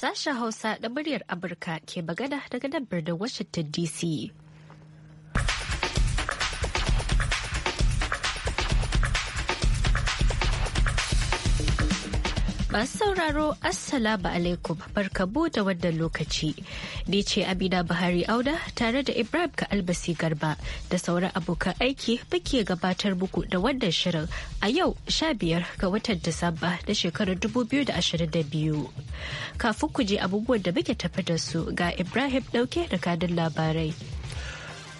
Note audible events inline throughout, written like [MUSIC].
Sasha Hausa da muryar Amurka ke bagada daga nan da Washington DC. Masu sauraro Assalamu alaikum barkabu da wannan lokaci. Ni ce Amina Buhari Auda tare da Ibrahim ka albasi garba da sauran abokan aiki muke gabatar muku da wannan shirin a yau sha biyar ga watan Disamba na shekarar 2022. Kafin ku je abubuwan da muke tafi da su ga Ibrahim dauke da kadin labarai.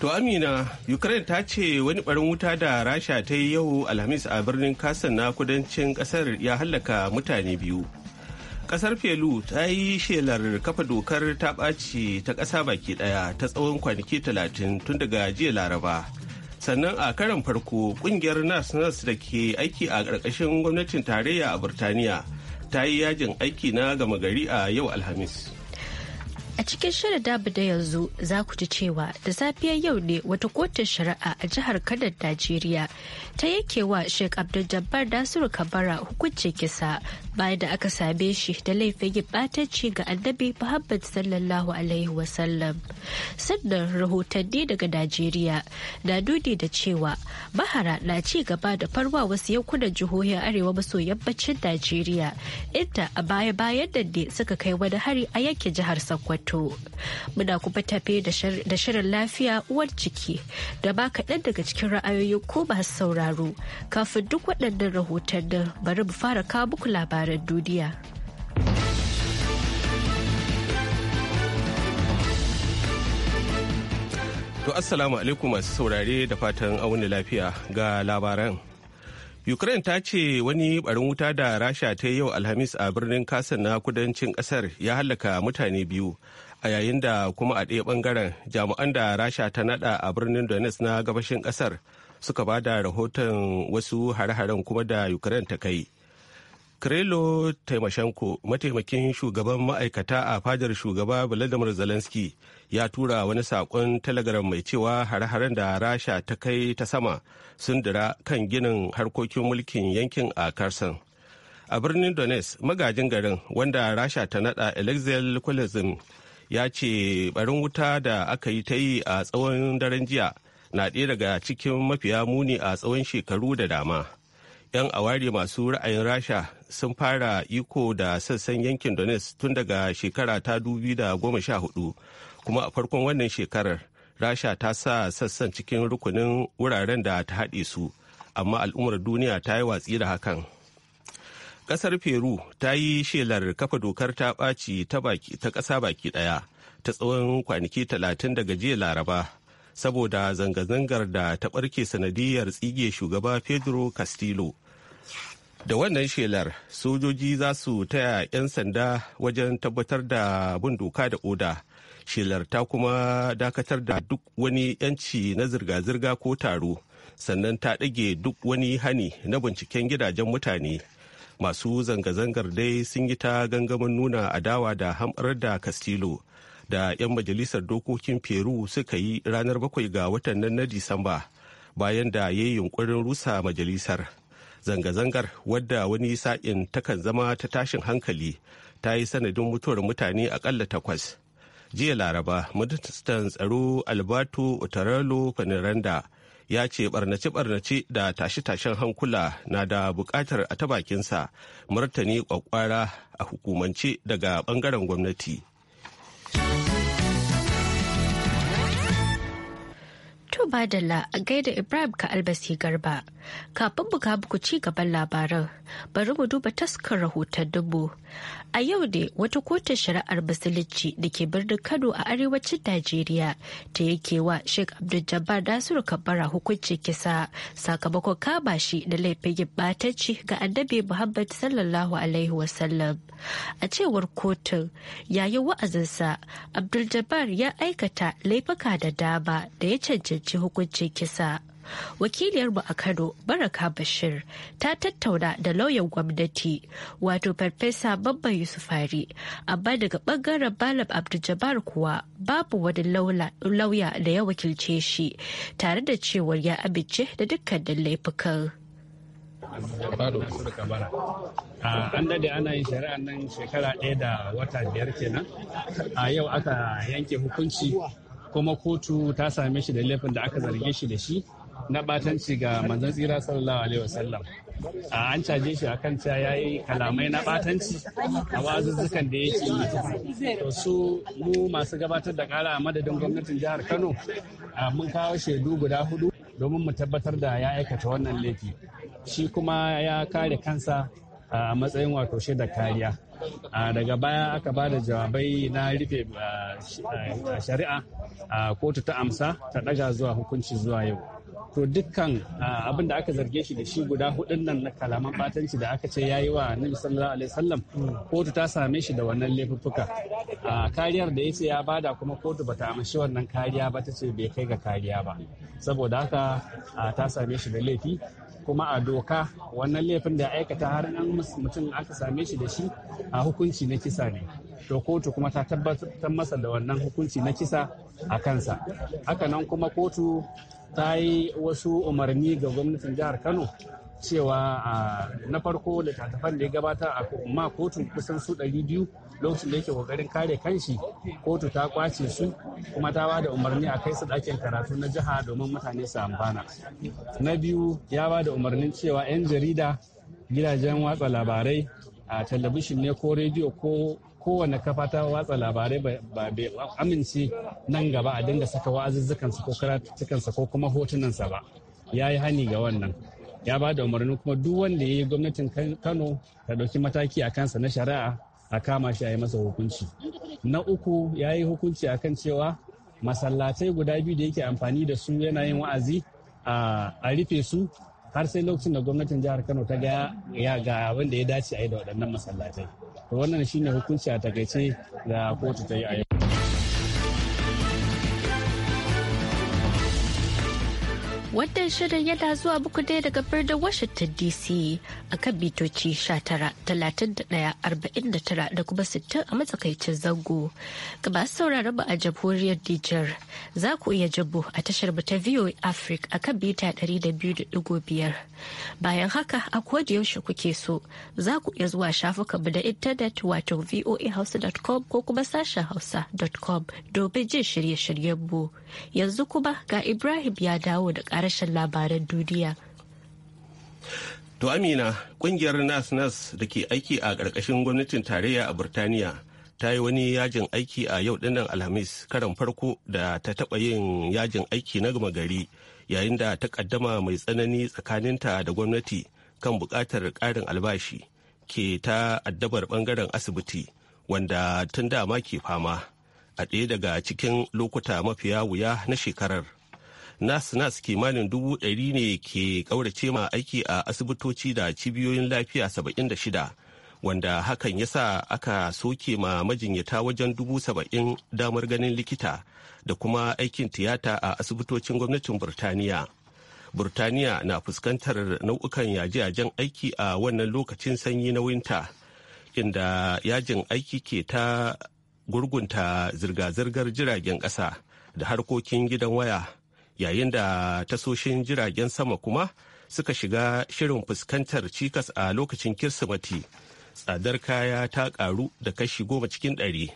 To Amina, Ukraine ta ce wani barin wuta da Rasha ta yi yau Alhamis a birnin Kasan na kudancin kasar ya hallaka mutane biyu. Kasar Felu ta yi shelar kafa dokar ta ɓaci ta ƙasa baki ɗaya ta tsawon kwanaki talatin tun daga jiya Laraba. Sannan a karan farko ƙungiyar nas nas da ke aiki a ƙarƙashin gwamnatin tarayya a Burtaniya ta yi yajin aiki na gama gari a yau Alhamis. A cikin shirin dabu da yanzu za ku ji cewa da safiyar yau ne wata kotun shari'a a jihar Kadar Najeriya ta yankewa Sheikh Abdul Jabbar Nasiru Kabara hukunci kisa bayan da aka same shi da laifin yin ɓatanci ga annabi Muhammad sallallahu alaihi wasallam. Sannan rahotanni daga Najeriya na nuni da cewa bahara na ci gaba da farwa wasu yankunan jihohin arewa maso yammacin Najeriya inda a baya-bayan da ne suka kai wani hari a yankin jihar Sokoto. Sokoto. Muna kuma tafe da shirin lafiya uwar ciki da ba kaɗan daga cikin ra'ayoyi ko ba sauraro. Kafin duk waɗannan da bari mu fara kawo muku labaran duniya. To Assalamu alaikum masu saurare da fatan auni lafiya ga labaran. Ukraine ta ce wani barin wuta da Rasha ta yi yau Alhamis a birnin kasan na kudancin kasar ya hallaka mutane biyu. A yayin da kuma a ɗaya ɓangaren jami'an da Rasha ta naɗa a birnin Donetsk na gabashin ƙasar suka ba da rahoton wasu hare-haren kuma da Ukraine ta kai. Krelo Taimashenko, mataimakin shugaban ma'aikata a fadar shugaba vladimir Zelensky, ya tura wani saƙon telegram mai cewa hare-haren da Rasha ta kai ta sama sun dira kan ginin harkokin mulkin yankin a Karsan. A birnin Donetsk, magajin garin wanda Rasha ta nada Alexei Kulizin ya ce barin wuta da aka yi ta yi a tsawon daren jiya na ɗaya daga cikin mafiya muni a tsawon shekaru da dama. 'yan aware masu ra'ayin rasha sun fara iko da sassan yankin donetsk tun daga shekara ta hudu kuma a farkon wannan shekarar rasha ta sa sassan cikin rukunin wuraren da ta haɗe su amma al'ummar duniya ta yi watsi da hakan ƙasar peru ta yi shelar kafa dokar ta ɓaci ta ƙasa baki ɗaya ta tsawon kwanaki talatin daga jiya laraba saboda zanga-zangar da ta ɓarke sanadiyar tsige shugaba pedro castillo da wannan shelar sojoji za su taya 'yan sanda wajen tabbatar da bin doka da oda shelar ta kuma dakatar da duk wani 'yanci na zirga-zirga ko taro sannan ta ɗage duk wani hani na binciken gidajen mutane masu zanga-zangar dai sun yi ta gangamin nuna adawa da hamɓar da castillo da 'yan majalisar dokokin peru suka yi ranar bakwai ga watan nan na disamba bayan da ya yi yunkurin rusa majalisar zanga-zangar wadda wani sa'in takan zama ta tashin hankali ta yi sanadin mutuwar mutane akalla takwas jiya laraba ministan tsaro alberto otarello paniranda ya ce barnace-barnace da tashe-tashen hankula na da buƙatar a ta bakinsa martani kwakwara a hukumance daga ɓangaren gwamnati To Badalla a gaida Ibrahim ka albasi garba. Kafin buka buku ci gaban labaran, bari mu duba taskar rahoton dubu. A yau dai wata kotun shari'ar musulunci da ke birnin Kano a arewacin Najeriya ta yake wa Sheikh Abdul Jabbar Nasiru Kabara hukuncin kisa sakamakon kama shi da laifin yin ɓatacci ga annabi Muhammad sallallahu alaihi wasallam. A cewar kotun yayin wa'azinsa Abdul Jabbar ya aikata laifuka da dama da ya cancanci hukuncin kisa. wakiliyarmu a kano baraka bashir ta tattauna da lauyan gwamnati wato farfesa babban yusufari amma daga bangaren malam abdul kuwa babu wani lauya da ya wakilce shi tare da cewar ya amince da dukkanin laifukan ah, an dade ana yin shari'a nan shekara ɗaya da wata biyar kenan a ah, yau aka yanke hukunci kuma kotu ta same shi da laifin da aka zarge shi da shi na batanci ga manzon tsira sallallahu alaihi wasallam an caje shi akan cewa ya yi kalamai na batanci a wazuzzukan da yake yi to su mu masu gabatar da kara a madadin gwamnatin jihar kano mun kawo shaidu guda hudu domin mu tabbatar da ya aikata wannan laifi shi kuma ya kare kansa a matsayin wato shaidar kariya daga baya aka ba da jawabai na rufe shari'a kotu ta amsa ta daga zuwa hukunci zuwa yau to dukkan ah, abin da aka zarge shi da shi guda hudun nan na kalaman batanci da aka ce yayi wa annabi sallallahu alaihi wasallam kotu ta same shi da wannan laifuffuka ah, kariyar da yace ya bada kuma kotu bata amshi wannan kariya ba ta ce bai kai ga kariya ba saboda haka ah, ta same shi da laifi kuma a doka wannan laifin da ya aikata har n'an mutum aka same shi da shi a hukunci na kisa ne to kotu kuma ta tabbatar masa da wannan hukunci na kisa a kansa Haka nan kuma kotu ta yi wasu umarni ga gwamnatin jihar kano cewa na farko littattafan da ya gabata a ma kotun kusan su 200 lokacin da yake kokarin kare kanshi kotu ta kwace su kuma ta ba da umarni a kai su ɗakin karatu na jiha domin mutane su amfana na biyu ya ba da umarnin cewa 'yan jarida gidajen watsa labarai a talabishin ne ko rediyo ko kowane kafa ta watsa labarai ba bai amince nan gaba a dinga saka wa'azuzzukansa ko karatukansa ko kuma hotunansa ba ya yi hani ga wannan ya ba da umarni kuma duk wanda ya yi gwamnatin kano ta ɗauki mataki a kansa na shari'a a kama shi a yi masa hukunci na uku ya yi hukunci a kan cewa masallatai guda biyu da yake amfani da su yana yin wa'azi a rufe su har sai lokacin da gwamnatin jihar kano ta ga ya ga abin ya dace a yi da waɗannan masallatai wannan shine hukunci a takaice da kotu ta yi a yau Wannan shirin yana zuwa muku dai daga birnin Washington DC a kan bitoci 19,31,49 da kuma 60 a matsakaicin zango. gaba sauraron mu a jamhuriyar Nijar za ku iya jabo a tashar mu ta VOA Africa a kan bita 200.5. Bayan haka a da yaushe kuke so za ku iya zuwa shafukan mu da intanet wato voahausa.com ko kuma sashen hausa.com domin jin shirye-shiryen mu. Yanzu kuma ga Ibrahim ya dawo da karashen labaran duniya. To Amina, kungiyar Nas Nas da ke aiki a ƙarƙashin gwamnatin tarayya a Burtaniya ta yi wani yajin aiki a yau dinnan Alhamis karan farko da ta taɓa yin yajin aiki na gama gari yayin da ta ƙaddama mai tsanani tsakaninta da gwamnati kan buƙatar ƙarin albashi ke ta addabar ɓangaren asibiti wanda tun dama ke fama. a ɗaya daga cikin lokuta mafiya wuya na shekarar nas nas kimanin dubu ɗari ne ke ƙaurace ma aiki a asibitoci da cibiyoyin lafiya saba'in da shida wanda hakan ya sa aka soke ma majinyata wajen dubu saba'in damar ganin likita da kuma aikin tiyata a asibitocin gwamnatin burtaniya burtaniya na fuskantar nau'ukan yaje-yajen aiki a wannan lokacin sanyi na winta inda yajin aiki ke ta gurgunta zirga-zirgar jiragen ƙasa da harkokin gidan waya yayin da tasoshin jiragen sama kuma suka shiga shirin fuskantar cikas a lokacin kirsimati tsadar kaya ta karu da kashi goma cikin ɗari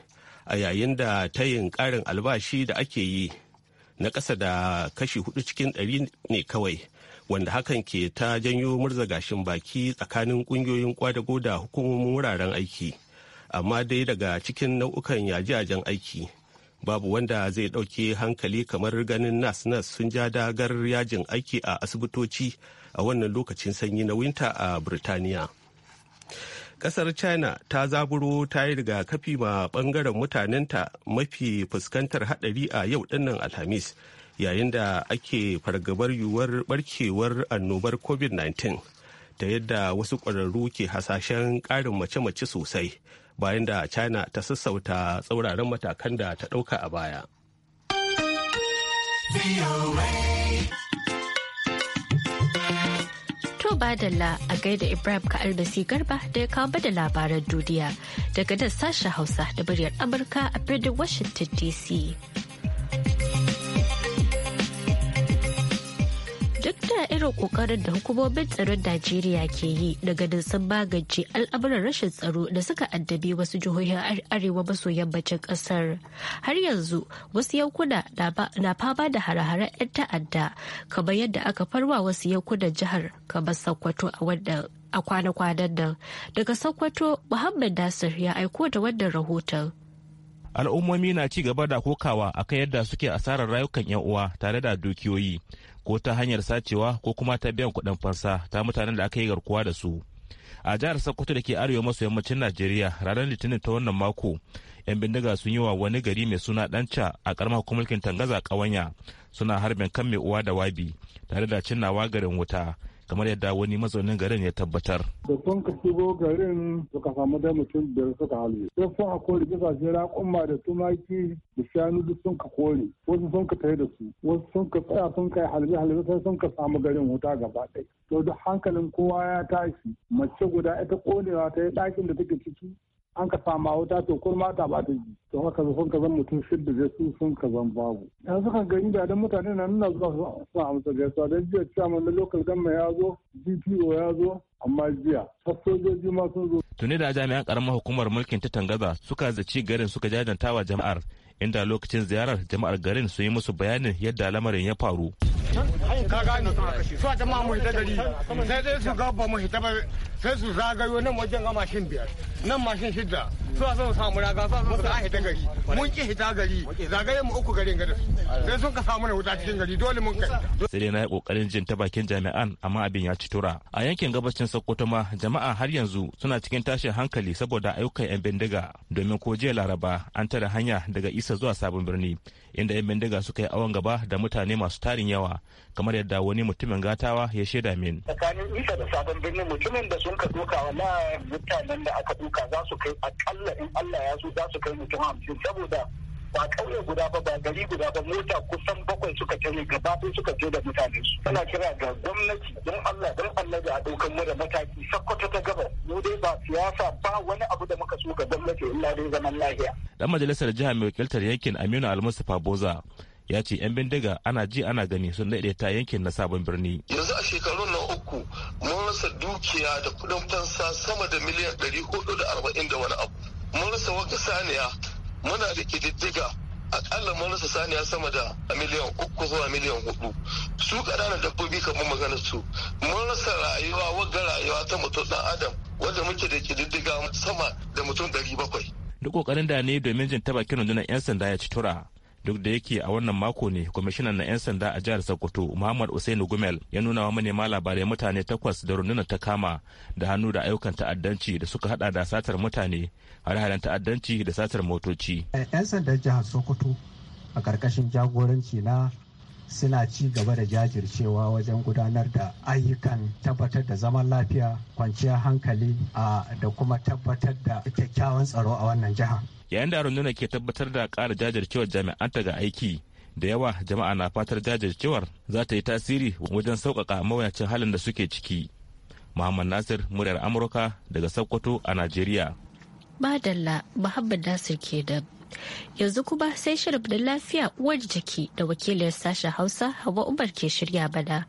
a yayin da tayin ƙarin albashi da ake yi na ƙasa da kashi hudu cikin ɗari ne kawai wanda hakan ke ta janyo murza gashin baki tsakanin ƙungiyoyin kwadago da hukumomin wuraren aiki amma dai daga cikin nau'ukan yaji yajen aiki babu wanda zai ɗauke hankali kamar ganin nas nas sun ja dagar yajin aiki a asibitoci a wannan lokacin sanyi na winta a birtaniya kasar china ta zaburo ta yi rigakafi ma bangaren mutanenta mafi fuskantar hadari a yau dinnan alhamis yayin da ake fargabar yiwuwar barkewar annobar covid-19 ta yadda wasu ƙwararru ke hasashen ƙarin mace-mace sosai bayan da china ta sassauta tsauraran matakan da ta ɗauka a baya badalla a gaida Ibrahim ka albasi garba da ya kawo da labaran duniya daga nan sashen Hausa da muryar Amurka a birnin Washington DC. a irin kokarin da hukumomin tsaron Najeriya ke yi daga ganin sun magance al'amuran rashin tsaro da suka addabi wasu jihohin arewa maso yammacin kasar. Har yanzu wasu yankuna na fama da hare-haren 'yan ta'adda kamar yadda aka farwa wasu yankunan jihar kamar Sokoto a wannan a kwana-kwanan nan. Daga Sokoto, Muhammad Nasir ya aiko da wannan rahoton. al'ummomi na ci gaba da kokawa akan yadda suke asarar rayukan 'yan uwa tare da dukiyoyi ko ta hanyar sacewa ko kuma ta biyan kuɗin fansa ta mutanen da aka yi garkuwa da su a jihar sokoto da ke arewa maso yammacin najeriya ranar litinin ta wannan mako yan bindiga sun yi wa wani gari mai suna danca a karamar hukumulkin tangaza kawanya suna harbin kan mai uwa da wabi tare da cinnawa garin wuta kamar yadda wani mazaunin garin ya tabbatar. Da sun ka shigo garin suka samu da mutum da suka halu. Sai sun a kore bisa raƙumma da tumaki da shanu duk sun ka kore. Wasu sun ka tare da su. Wasu sun ka tsaya sun kai halbe halbe sai sun ka samu garin wuta gaba ɗaya. To duk hankalin kowa ya tashi. Mace guda ita konewa ta yi ɗakin da take ciki. an ka sama wuta to kurma ta bata ji to haka sun ka zan mutum shidda da su sun ka zan babu yanzu suka gani da dan mutane na nuna zuwa su amsa gaisuwa don jiya cewa na local gamma ya zo dpo ya zo amma jiya sojoji ma sun zo. tuni da jami'an karamar hukumar mulkin ta tangaza suka zaci garin suka jajanta wa jama'ar inda lokacin ziyarar jama'ar garin sun yi musu bayanin yadda lamarin ya faru. ka ne su a kashe su jama'a mu hita gari sai dai su ga ba mu hita ba sai su zagayo nan wajen ga mashin biyar nan mashin shidda su sun samu raga su sun ka hita gari mun ki hita gari zagaye mu uku garin gari sai sun ka samu na wuta cikin gari dole mun kai sai dai na yi kokarin jin ta bakin jami'an amma abin ya ci tura a yankin gabashin sokoto ma jama'a har yanzu suna cikin tashin hankali saboda ayyukan yan bindiga domin ko jiya laraba an tare hanya daga isa zuwa sabon birni inda yan bindiga suka yi awon gaba da mutane masu tarin yawa kamar yadda wani mutumin gatawa ya shaida min tsakanin isa da sabon birnin mutumin da sun idan ka duka wala mutanen da aka duka za su kai akalla in Allah ya so za su kai mutum hamsin saboda ba kauye guda ba ba gari guda ba mota kusan bakwai suka tare gaba ɗaya suka je da mutane su ana kira ga gwamnati don Allah don Allah da a mu da mataki sakkwata ta gaba mu dai ba siyasa ba wani abu da muka so ga gwamnati illa dai zaman lafiya dan majalisar jiha mai wakiltar yankin Aminu Almustafa Boza ya ce 'yan bindiga ana ji ana gani sun daidaita yankin na sabon birni. Yanzu a shekarun na uku mun rasa dukiya da kudin fansa sama da miliyan ɗari hudu da arba'in da wani abu. Mun rasa wata saniya muna da kididdiga akalla mun rasa saniya sama da miliyan uku zuwa miliyan hudu su ƙananan dabbobi kamar magana su mun rasa rayuwa wagga rayuwa ta mutum ɗan adam wadda muke da kididdiga sama da mutum ɗari bakwai. duk ƙoƙarin da ne domin jin taba kiran 'yan sanda ya ci tura duk da yake a wannan mako ne kwamishinan na 'yan sanda a jihar sokoto muhammad usainu gumel ya nuna wa manema labarai mutane takwas da runduna ta kama da hannu da ayyukan ta'addanci da suka hada da satar mutane har-haren ta'addanci da satar motoci eh, 'yan sandan jihar sokoto a karkashin jagoranci na suna ci gaba da jajircewa wajen gudanar da ayyukan tabbatar da zaman lafiya kwanciyar hankali da kuma tabbatar da kyakkyawan tsaro a wannan jihar. yayin da rundunar ke tabbatar da ƙara jajircewar jami'an ta ga aiki da yawa jama'a na fatar jajircewar za ta yi tasiri wajen sauƙaƙa mawuyacin halin da suke ciki muhammad nasir muryar amurka daga sokoto a najeriya badalla muhammad nasir ke da yanzu kuma sai shirin da lafiya uwar jiki da wakiliyar sashen hausa hawa umar ke shirya bada.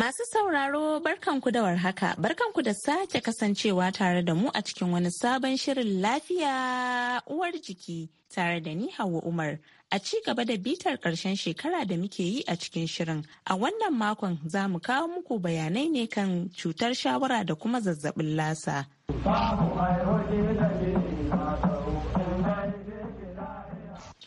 Masu sauraro barkanku da warhaka, barkanku da sake kasancewa tare da mu a cikin wani sabon shirin lafiya uwar jiki tare da ni Hauwa Umar. A ci gaba da bitar ƙarshen shekara da muke yi a cikin shirin, a wannan makon za mu kawo muku bayanai ne kan cutar shawara da kuma zazzabin lasa.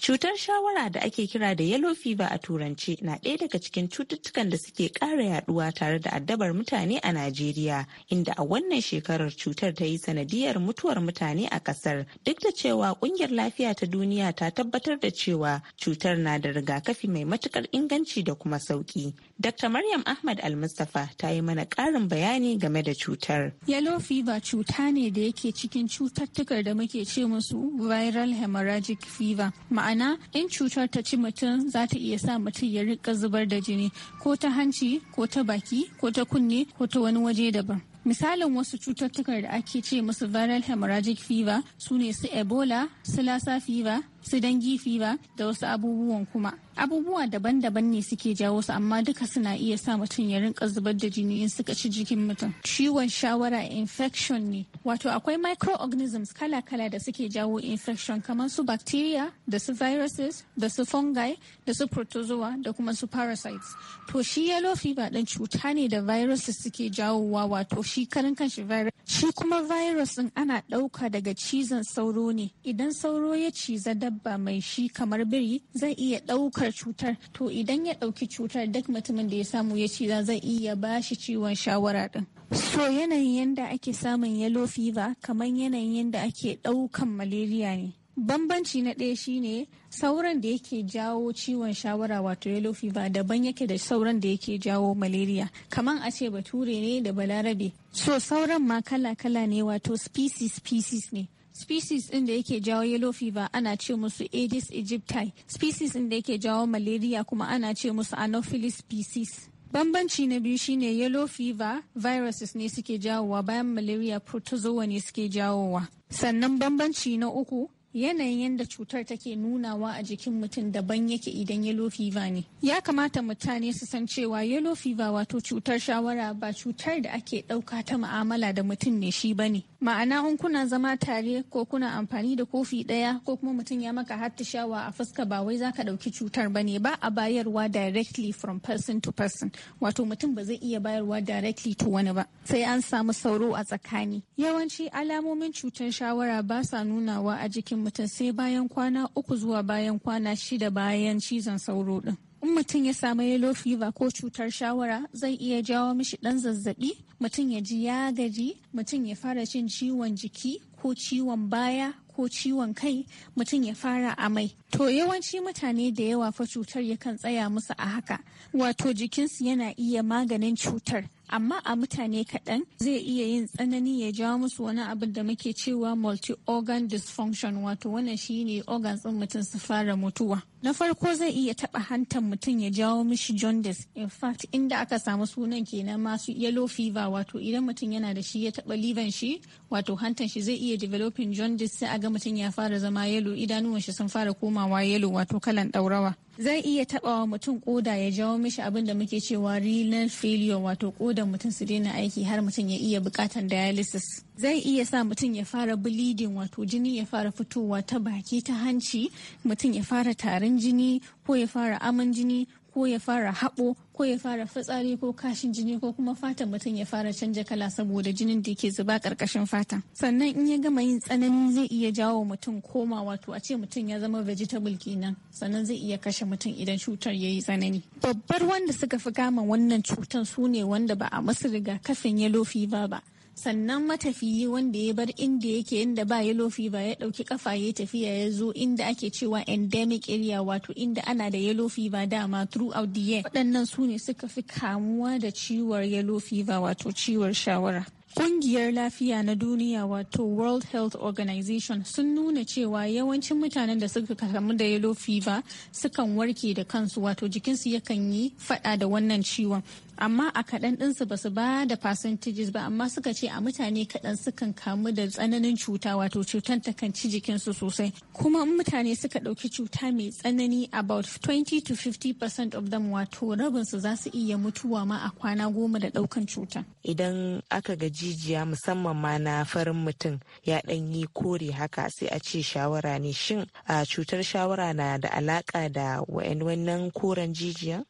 Cutar shawara da ake kira da yellow fever a turance na ɗaya daga cikin cututtukan da suke ƙara yaduwa tare da addabar mutane a Najeriya, inda a wannan shekarar cutar ta yi sanadiyar mutuwar mutane a ƙasar. Duk da cewa ƙungiyar lafiya ta duniya ta tabbatar da cewa cutar na da rigakafi mai matuƙar inganci da kuma sauƙi. Dr. Maryam Ahmad Al-Mustapha ta yi mana ƙarin bayani game da cutar. Yellow fever cuta ne da yake cikin cututtukar da muke ce musu viral hemorrhagic fever. ma'ana in cutar ta ci mutum za ta iya sa mutum ya rika zubar da jini ko ta hanci ko ta baki ko ta kunne ko ta wani waje daban Misalin wasu cututtukan da ake ce musu viral hemorrhagic fever su ne su Ebola, su Lassa fever, su dangi fever da wasu abubuwan kuma. Abubuwa daban-daban ne suke jawo su amma duka suna iya sa mutum ya rinka zubar da jini in suka ci jikin mutum. Ciwon shawara infection ne. Wato akwai microorganisms kala-kala da suke jawo infection kamar su bacteria da su viruses da su fungi da su protozoa da kuma su parasites. To shi yellow fever ɗin cuta ne da viruses suke jawowa wato shi karan kanshi virus shi kuma virus din ana ɗauka daga cizon sauro ne idan sauro ya ciza dabba mai shi kamar biri zai iya ɗaukar cutar to idan ya ɗauki cutar duk mutumin da ya samu ya ciza zai iya ba shi ciwon shawara din so yanayin yadda ake samun yellow fever kamar yanayin yadda ake ɗaukan malaria ne bambanci na ɗaya shine sauran da yake jawo ciwon shawara wato yellow fever daban yake da sauran da yake jawo malaria kaman a ce bature ne da balarabe so sauran ma kala-kala ne wato species species ne species ɗin da yake jawo yellow fever ana ce musu aedes aegypti species ɗin da yake jawo malaria kuma ana ce musu anopheles species Bambanci na biyu shine yellow fever viruses ne suke jawowa bayan malaria protozoa ne suke jawowa. Sannan bambanci na uku yanayin yadda cutar take nunawa a jikin mutum daban yake idan yellow fever ne ya kamata mutane su san cewa yellow fever wato cutar shawara ba cutar da ake ɗauka ta ma'amala da mutum ne shi bane ma'ana in kuna zama tare ko kuna amfani da kofi ɗaya ko kuma mutum ya maka hattishawa a fuska ba wai zaka ɗauki cutar bane ba a bayarwa directly from person to person wato mutum ba zai iya bayarwa directly to wani ba sai an samu sauro a tsakani yawanci alamomin cutar shawara ba sa nunawa a jikin mutum sai bayan kwana uku zuwa bayan kwana shida bayan cizon sauro din. in mutum ya samu yellow fever ko cutar shawara zai iya jawo mishi dan zazzabi mutum ya ji ya gaji mutum ya fara jin ciwon jiki ko ciwon baya ko ciwon kai mutum ya fara amai to yawanci mutane da yawa fa cutar yakan tsaya musu a haka wato jikinsu yana iya maganin cutar amma a mutane kaɗan zai iya yin tsanani ya jawo musu wani abin da muke cewa multi-organ dysfunction wato wannan ne organs ɗin mutum su fara mutuwa. Na farko zai iya taɓa hantan mutum ya jawo mishi jaundice. In fact, inda aka samu sunan kenan masu yellow fever wato idan mutum yana da shi ya taɓa liver shi wato hantan shi zai iya developing jaundice sai a ga mutum ya fara zama yellow idanuwan shi sun fara komawa yellow wato kalan ɗaurawa. zai iya wa mutum koda ya jawo mishi abin da muke cewa renal failure wato ƙodan mutum su daina aiki har mutum ya iya bukatan dialysis zai iya sa mutum ya fara bleeding wato jini ya fara fitowa ta baki ta hanci mutum ya fara tarin jini ko ya fara aman jini ko ya fara haɓo ko ya fara fitsari ko kashin jini ko kuma fatan mutum ya fara canja kala saboda jinin da ke zuba ƙarƙashin fata sannan in ya gama yin tsanani zai iya jawo mutum koma wato a ce mutum ya zama vegetable kenan sannan zai iya kashe mutum idan cutar ya yi tsanani babbar wanda suka fi kama wannan cutar su ne wanda ba a masu rigakafin yellow fever ba sannan matafiyi wanda ya bar inda yake inda ba yellow fever ya dauki kafa ya tafiya ya zo inda ake cewa endemic area wato inda ana da yellow fever dama throughout the year waɗannan su ne suka fi kamuwa da ciwon yellow fever wato ciwon shawara Ƙungiyar lafiya na duniya wato World Health Organization sun nuna cewa yawancin mutanen da suka kamu da yellow fever sukan warke da kansu wato jikinsu yakan yi fada da wannan ciwon amma a kaɗan ɗinsu ba su ba da percentages ba amma suka ce a mutane kaɗan sukan kamu da tsananin cuta wato cutar ta kan ci jikinsu sosai kuma mutane suka ɗauki cuta mai tsanani about 20 to 50 of them wato rabinsu za su iya mutuwa ma a kwana goma da ɗaukan cuta. idan aka ga jijiya musamman ma na farin mutum ya ɗan yi kore haka sai a ce shawara ne shin a cutar shawara na da alaƙa da wannan koren jijiya?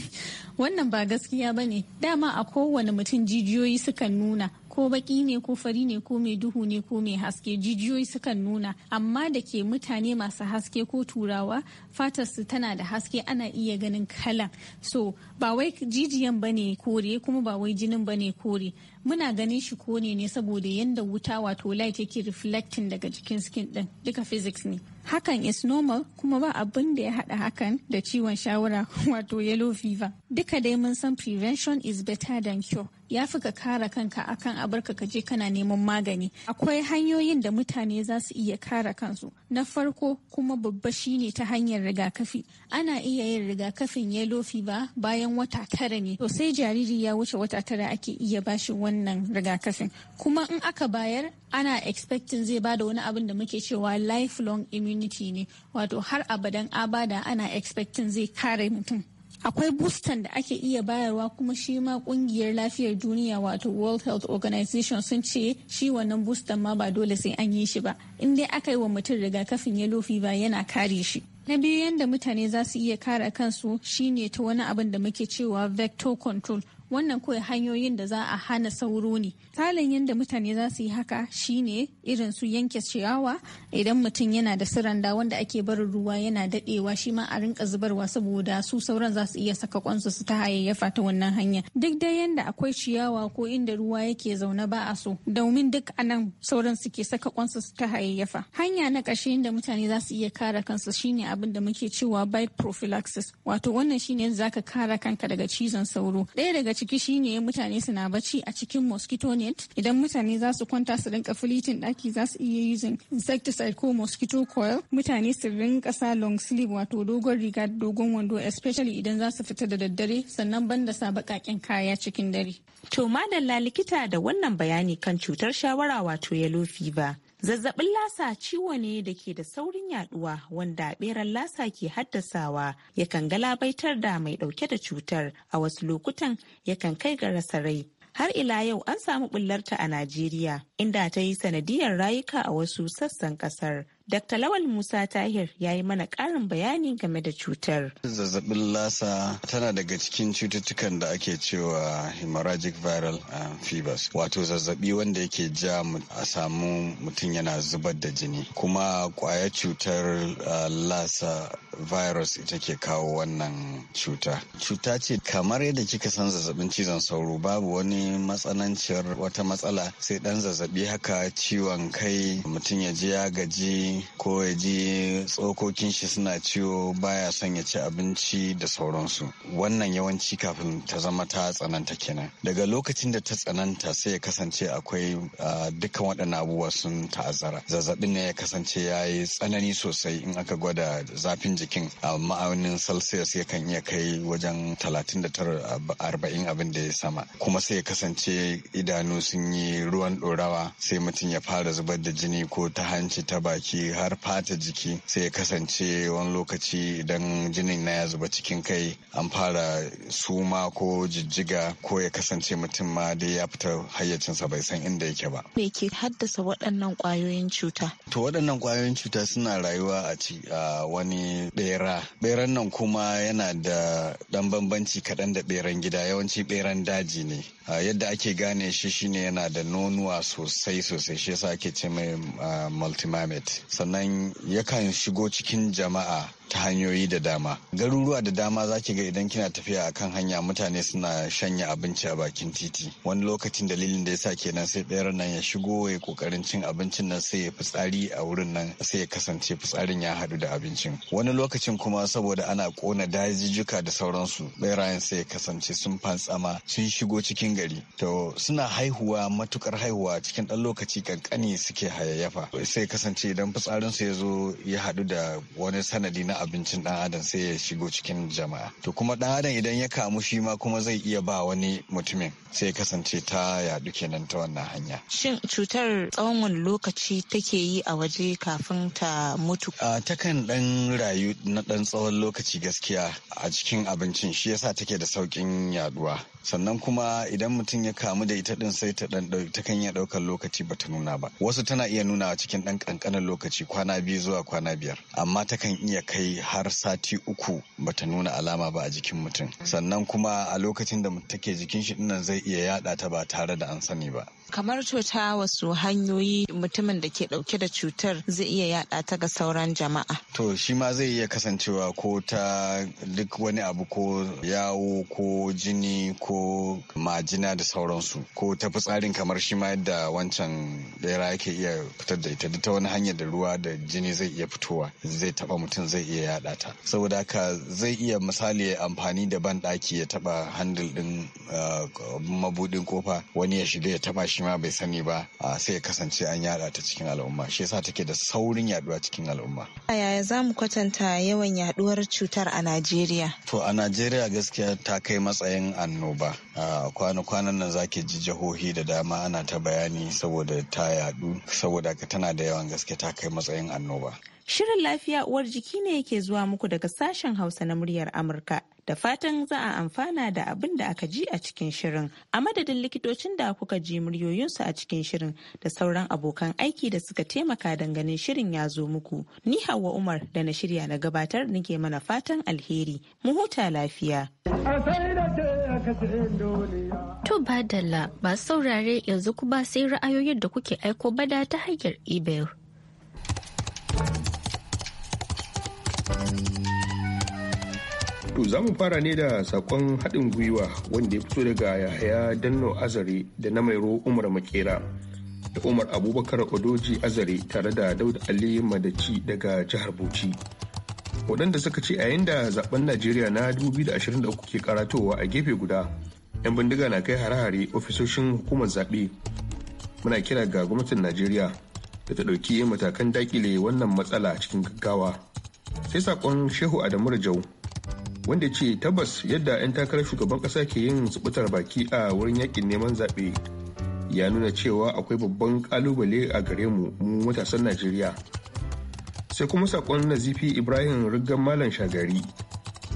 [LAUGHS] wannan ba gaskiya ɗaya ba ne dama a kowane mutum jijiyoyi sukan nuna ko baki ne ko fari ne ko mai duhu ne ko mai haske jijiyoyi sukan nuna amma da ke mutane masu haske ko turawa fatar su tana da haske ana iya ganin kalan so ba wai jijiyan ba ne kore kuma ba wai jinin ba ne kore muna ganin shi kone ne saboda yadda wuta wato light yake reflecting daga jikin skin din duka physics ne hakan is normal kuma ba abin da ya hada hakan da ciwon shawara [LAUGHS] wato yellow fever duka dai mun san prevention is better than cure ya fi ka kare kanka akan abarka ka je kana neman magani akwai hanyoyin da mutane za su iya kare kansu na farko kuma babba shine ta hanyar rigakafi ana iya yin rigakafin yellow fever bayan wata tara ne to sai jariri ya wuce wata tara ake iya bashi wannan rigakafin kuma in aka bayar ana expecting zai bada wani abin da muke cewa lifelong immunity ne wato har abadan abada ana expecting zai kare mutum akwai bustan da ake iya bayarwa kuma shi ma kungiyar lafiyar duniya wato world health organization sun ce shi wannan bustan ma ba dole sai an yi shi ba in dai aka yi wa mutum rigakafin yellow fever yana kare shi na biyu yadda mutane za su iya kare kansu shine ta wani abin da muke cewa vector control wannan kawai hanyoyin da za a hana sauro ne talin yadda mutane za su yi haka shine irin su yanke ciyawa idan mutum yana da siranda wanda ake barin ruwa yana dadewa shi ma a rinka zubarwa saboda su sauran za su iya saka kwansu su ta hayayyafa ta wannan hanya duk dai yadda akwai ciyawa ko inda ruwa yake zaune ba a so domin duk anan sauran suke saka kwansu su ta hayayyafa hanya na ƙarshe da mutane za su iya kare kansu shine abin da muke cewa bite prophylaxis wato wannan shine yadda zaka kare kanka daga cizon sauro ɗaya daga ciki shine mutane suna bacci a cikin mosquito net idan mutane za su kwanta su rinka filitin daki za su iya using insecticide ko mosquito coil mutane su rinka sa long sleeve wato dogon riga dogon wando especially idan za su fita da daddare sannan banda sa baƙaƙen kaya cikin dare. To madalla likita da wannan bayani kan cutar shawara wato yellow fever. Zazzabin lasa ciwo ne da ke da saurin yaduwa wanda beran lasa ke haddasawa yakan galabaitar da mai dauke da cutar a wasu lokutan yakan kai ga rasa rai. Har ila yau an samu bullarta a Najeriya inda ta yi sanadiyar rayuka a wasu sassan kasar. Dr. Lawal Musa Tahir ya yi mana ƙarin bayani game da cutar. Zazzabin lasa tana daga cikin cututtukan da ake cewa hemorrhagic viral eh, fevers wato zazzabi wanda yake ja a samu mutum yana zubar da jini kuma kwaya cutar eh, lasa virus ita ke kawo wannan cuta. Cuta ce kamar yadda kika san zazzabin cizon sauro babu wani matsananciyar wata matsala sai dan zazzabi haka ciwon kai mutum ya ji ya gaji ko ya je tsokokin shi suna ciwo baya son ya ci abinci da sauransu wannan yawanci kafin ta zama ta tsananta kenan daga lokacin da ta tsananta sai ya kasance akwai dukkan waɗannan abubuwa sun ta'azzara zazzabin ne ya kasance ya yi tsanani sosai in aka gwada zafin jikin a ma'aunin celsius ya kan iya kai wajen 39-40 abin da ya sama kuma sai ya kasance idanu sun yi ruwan ɗorawa sai mutum ya fara zubar da jini ko ta hanci ta baki har fata jiki sai ya kasance wani lokaci idan jinin na ya zuba cikin kai an fara suma ko jijjiga ko ya kasance mutum ma dai ya fita hayyacinsa bai san inda yake ba. Me ke haddasa waɗannan ƙwayoyin cuta? To waɗannan ƙwayoyin cuta suna rayuwa a ci a wani ɓera. Ɓeran nan kuma yana da ɗan bambanci kaɗan da ɓeran gida yawanci ɓeran daji ne. Ah, yadda ake gane shi shine yana da nonuwa sosai sosai shi yasa ake ce mai ah, multimamate sannan yakan shigo cikin jama'a ta hanyoyi da dama garuruwa da dama za ki ga idan kina tafiya a kan hanya mutane suna shanya abinci a bakin titi wani lokacin dalilin da ya sa kenan sai ɗayar nan ya shigo ya kokarin cin abincin nan sai ya fitsari a wurin nan sai ya kasance fitsarin ya haɗu da abincin wani lokacin kuma saboda ana kona dajijjuka da sauransu ɓerayen sai ya kasance sun fantsama sun shigo cikin gari to suna haihuwa matukar haihuwa cikin ɗan lokaci kankani suke hayayyafa sai kasance idan fitsarin su ya zo ya haɗu da wani sanadi na abincin dan adam sai ya shigo cikin jama'a to kuma dan adam idan ya kamu shi ma kuma zai iya ba wani mutumin sai kasance ta yadu kenan ta wannan hanya shin cutar tsawon wani lokaci take yi a waje kafin ta mutu a takan dan rayu na dan tsawon lokaci gaskiya a cikin abincin shi yasa take da saukin yaduwa sannan kuma idan mutum ya kamu da ita din sai ta dan ta kan iya daukar lokaci bata nuna ba wasu tana iya nunawa cikin dan kankanin lokaci kwana biyu zuwa kwana biyar amma ta kan iya kai kai har sati uku bata nuna alama ba a jikin mutum sannan kuma a lokacin da take jikin shi dinnan zai iya yada ta ba tare da an sani ba kamar cuta wasu hanyoyi mutumin da ke dauke da cutar zai iya yada ta ga sauran jama'a to shi ma zai iya kasancewa ko ta duk wani abu ko yawo ko jini ko majina da sauransu ko ta fitsarin kamar shi ma yadda wancan bera yake iya fitar da ita duk ta wani hanyar da ruwa da jini zai iya fitowa zai taba mutum zai iya ya yada ta saboda haka zai iya misali amfani da ban daki ya taba handle din uh, mabudin kofa wani ya shiga ya taba shi ma bai sani ba uh, sai ya kasance an yada ta cikin al'umma shi yasa take da saurin yaduwa cikin al'umma yaya za mu kwatanta yawan yaduwar cutar a Najeriya to a Najeriya gaskiya ta kai matsayin annoba kwana-kwanan nan zake ji jihohi da dama ana ta bayani saboda ta yadu saboda tana da yawan gaske ta kai matsayin annoba Shirin lafiya uwar jiki ne yake zuwa muku daga sashen Hausa na muryar Amurka. Da fatan za a amfana da abin da aka ji a cikin shirin. A madadin likitocin da kuka ji muryoyinsu a cikin shirin da sauran abokan aiki da suka taimaka ganin shirin ya zo muku. Ni Hauwa Umar da na shirya na gabatar nake mana fatan alheri. Mu huta lafiya. To badalla ba saurare yanzu ku ba sai ra'ayoyin da kuke aiko bada ta hanyar email. To za mu fara ne da sakon haɗin gwiwa wanda ya fito daga Yahaya Danno Azare da na Mairo Umar Makera da Umar Abubakar Odoji Azare tare da Dauda Ali Madaci daga jihar Bauchi. Waɗanda suka ce a yayin da zaben Najeriya na 2023 ke karatowa a gefe guda, 'yan bindiga na kai hare-hare ofisoshin hukumar zaɓe. Muna kira ga gwamnatin Najeriya da ta ɗauki matakan dakile wannan matsala cikin gaggawa. Sai saƙon Shehu Adamu jau. wanda ce tabbas yadda 'yan takarar shugaban ƙasa ke yin zubutar baki a wurin yakin neman zaɓe ya nuna cewa akwai babban kalubale a gare mu mu matasan najeriya sai kuma saƙon nazifi ibrahim rigar malam shagari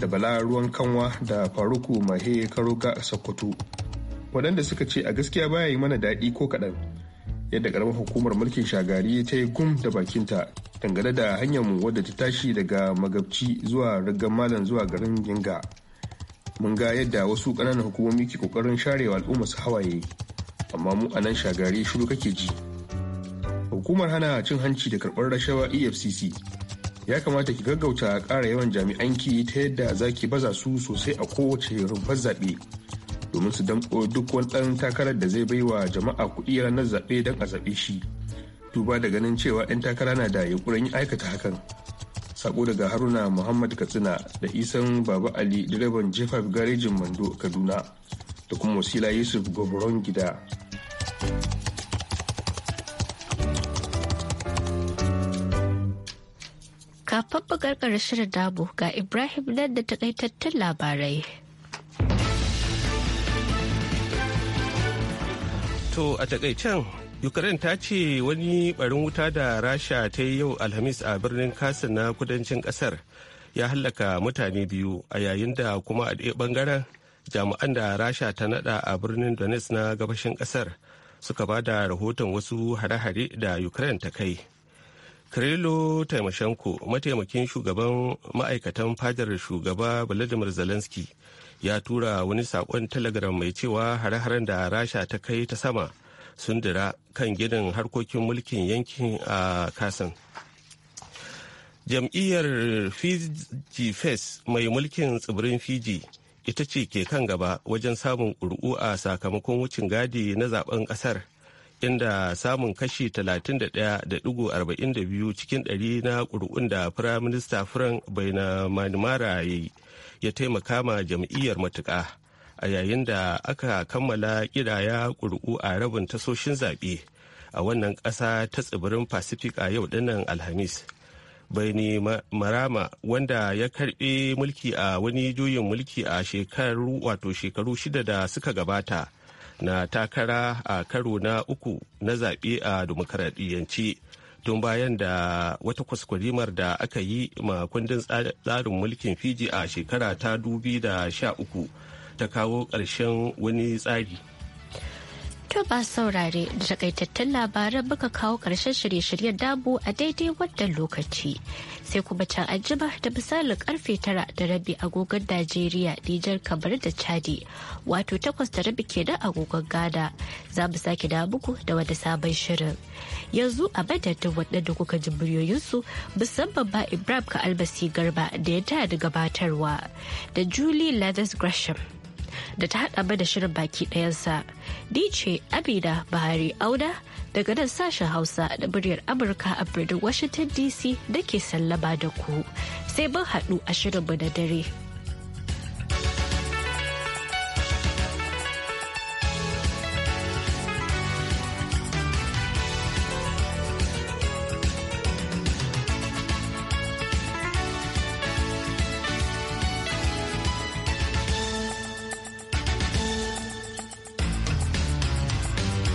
da bala ruwan kanwa da faruku mahe karo ga sokoto waɗanda suka ce a gaskiya baya yi mana daɗi ko kaɗan yadda ƙaramar hukumar mulkin shagari ta yi gum da bakinta dangane da hanyar mu wadda ta tashi daga magabci zuwa rigar malam zuwa garin ginga mun ga yadda wasu ƙananan hukumomi ke ƙoƙarin sharewa al'umma su hawaye amma mu a nan shagari shiru kake ji hukumar hana cin hanci da karɓar rashawa efcc ya kamata ki gaggauta ƙara yawan jami'an ki ta yadda za ki baza su sosai a kowace rumfar zaɓe domin su damƙo duk wani ɗan takarar da zai baiwa jama'a kuɗi ranar zaɓe don a zaɓe shi duba da ganin cewa 'yan takara na da yunkurin aikata hakan sako daga haruna muhammad katsina da isan baba ali direban jefa garejin mando kaduna da kuma wasila yusuf gobron gida kafin bugar shirin dabo ga ibrahim nan da takaitattun labarai to a takaicen ukraine ta ce wani barin wuta da rasha ta yi yau alhamis a birnin kasa na kudancin kasar ya hallaka mutane biyu a yayin da kuma a ɗaya bangaren jami'an da rasha ta nada a birnin donetsk na gabashin kasar suka ba da rahoton wasu hare-hare da ukraine ta kai kirilo taimashenko mataimakin shugaban ma'aikatan fadar shugaba vladimir zelensky ya tura wani sakon telegram mai cewa hare-haren da rasha ta kai ta sama sun dira kan ginin harkokin mulkin yankin a kasan jam'iyyar fiji fes mai mulkin tsibirin fiji ita ce ke kan gaba wajen samun ƙuri'u a sakamakon wucin gadi na zaben ƙasar inda samun kashi 31.42 cikin ɗari na ƙuri'un da firaminista frank bainamanimara ya yi ya taimaka ma jam'iyyar matuƙa a yayin da aka kammala ƙidaya ƙuri'u a rabin tasoshin zaɓe a wannan ƙasa ta tsibirin pacific a yau dinnan alhamis baini marama wanda ya karɓe mulki a wani juyin mulki a shekaru wato shekaru shida da suka gabata na takara a karo na uku na zaɓe a demokaradiyyance tun bayan da wata kwaskwarimar da aka yi ma kundin tsarin mulkin fiji a shekara ta dubi da sha uku ta kawo ƙarshen wani tsari. To ba saurare da takaitattun labaran muka kawo ƙarshen shirye-shiryen dabu a daidai wannan lokaci. Sai kuma can ajiba da misalin karfe tara da rabi agogon Najeriya Nijar kamar da Chadi wato takwas da rabi da agogon Ghana za mu sake da muku da wani sabon shirin. Yanzu a madadin waɗanda kuka ji muryoyinsu musamman ba Ibrahim ka albasi garba da ya taya da gabatarwa da Julie Lathers Gresham. da ta haɗa ba da shirin baki ɗayansa. Dice Abida Bahari Auda daga nan sashen Hausa da muryar Amurka a birnin Washington DC da ke sallaba da ku. Sai mun haɗu a shirinmu na dare.